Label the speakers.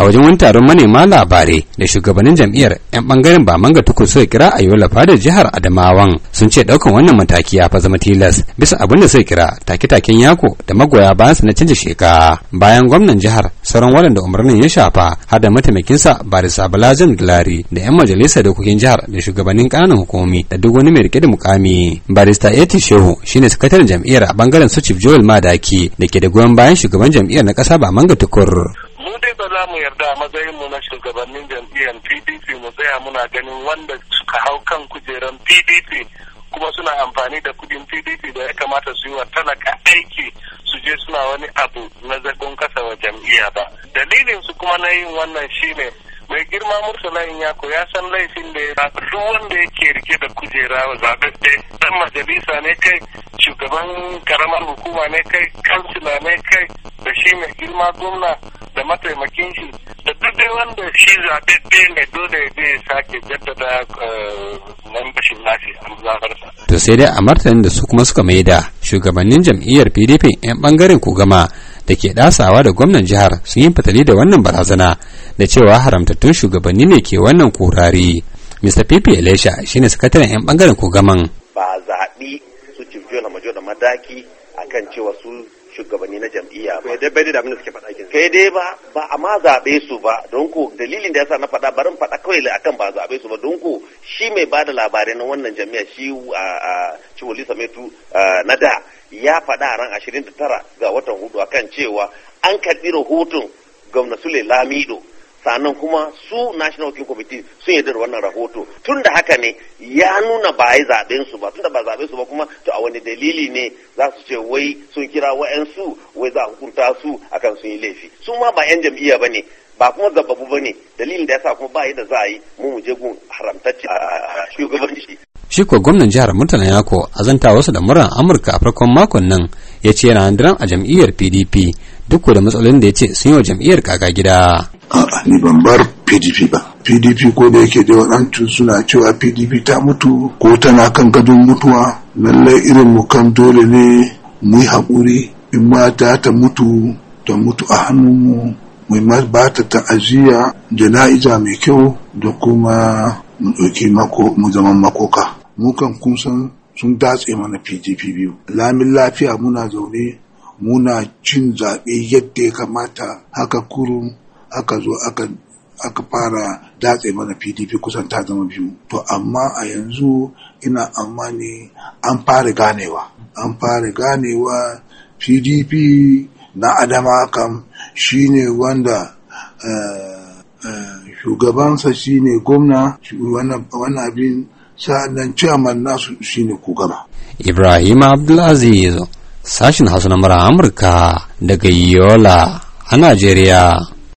Speaker 1: a wajen wani taron manema labarai da shugabannin jam'iyyar 'yan bangaren ba manga tukur suka kira a yola fadar jihar adamawan sun ce daukan wannan mataki ya fa zama tilas bisa abin da suka kira take-taken yako da magoya bayan su na canja sheka bayan gwamnan jihar sauran da umarnin ya shafa har da sa barisa balajan gilari da 'yan majalisar dokokin jihar da shugabannin kananan hukumomi da duk wani mai rike da mukami barista eti shehu shine sakataren jam'iyyar a bangaren su chief joel madaki da ke da goyon bayan shugaban jam'iyyar na kasa ba manga tukur ba za mu yarda a matsayin mu na shugabannin jam'iyyar
Speaker 2: PDP mu tsaya muna ganin wanda suka hau kan kujeran PDP kuma suna amfani da kudin PDP da ya kamata su yi wa talaka aiki su je suna wani abu na zagon kasa wa jam'iyya ba. Dalilin su kuma na yin wannan shine mai girma Murtala yako ya san laifin da ya duk wanda yake rike da kujera wa zaɓe dan majalisa ne kai shugaban karamar hukuma ne kai kansila ne kai da shi mai girma gwamna da mataimakin shi da dai wanda shi zaɓaɓɓe ne dole zai sake jaddada eh,
Speaker 1: membashin nasi a zaɓarsa. to sai dai a martanin da su kuma suka mai da shugabannin jam'iyyar pdp 'yan bangaren gama da ke ɗasawa da gwamnan jihar sun yi fatali da wannan barazana da cewa haramtattun shugabanni ne ke wannan kurari mr pp elisha shine sakataren 'yan ku gaman
Speaker 3: ba zaɓi su cibiyo na majo da madaki akan cewa su shugabanni na jam'iyya ba. Kai dai da abin da suke faɗa kin. Kai dai ba ba a ma zaɓe su ba don ko dalilin da yasa na faɗa barin faɗa kawai akan ba zabe su ba don ko shi mai ba da labarai na wannan jam'iyya shi a Chiwoli Sametu na da ya faɗa a ran 29 ga watan hudu akan cewa an karɓi rahoton gwamna Sule Lamido sannan kuma su national King committee sun yarda da wannan rahoto tun da haka ne ya nuna ba yi zaɓen su ba tun da ba zaɓen su ba kuma to a wani dalili ne za su ce wai sun kira wa'yansu wai za a hukunta su akan sun yi laifi su ma ba 'yan jam'iyya ba ne ba kuma zababu ba ne dalilin da ya sa kuma ba yadda za a yi mu mu je gun haramtacce a
Speaker 1: shugabanci. Shi ko gwamnan jihar Murtala Yako azanta wasu da muran Amurka a farkon makon nan ya ce yana a jam'iyyar PDP duk da matsalolin da ya ce sun yi wa jam'iyyar kaka gida.
Speaker 4: a'a ni ban bar pdp ba pdp ko da yake da waɗancu suna cewa pdp ta mutu ko tana kan gadon mutuwa lallai irin mu kan dole ne mu yi haƙuri in ma ta ta mutu ta mutu a hannunmu mu ma ba ta ta'aziyya jana'iza mai kyau da kuma mu ɗauki mako mu zaman makoka mu kan kun san sun datse mana pdp biyu lamin lafiya muna zaune muna cin zaɓe yadda ya kamata haka kurum aka zo aka aka fara datse mana pdp kusan ta zama biyu to amma a yanzu ina amani an fara ganewa an fara ganewa pdp na adama kam shine wanda eh, eh, shugabansa shine gwamna wannan abin sa'annan ciyaman nasu shine kugaba
Speaker 1: ibrahim abdulaziz sashin hasu na amurka daga yola a najeriya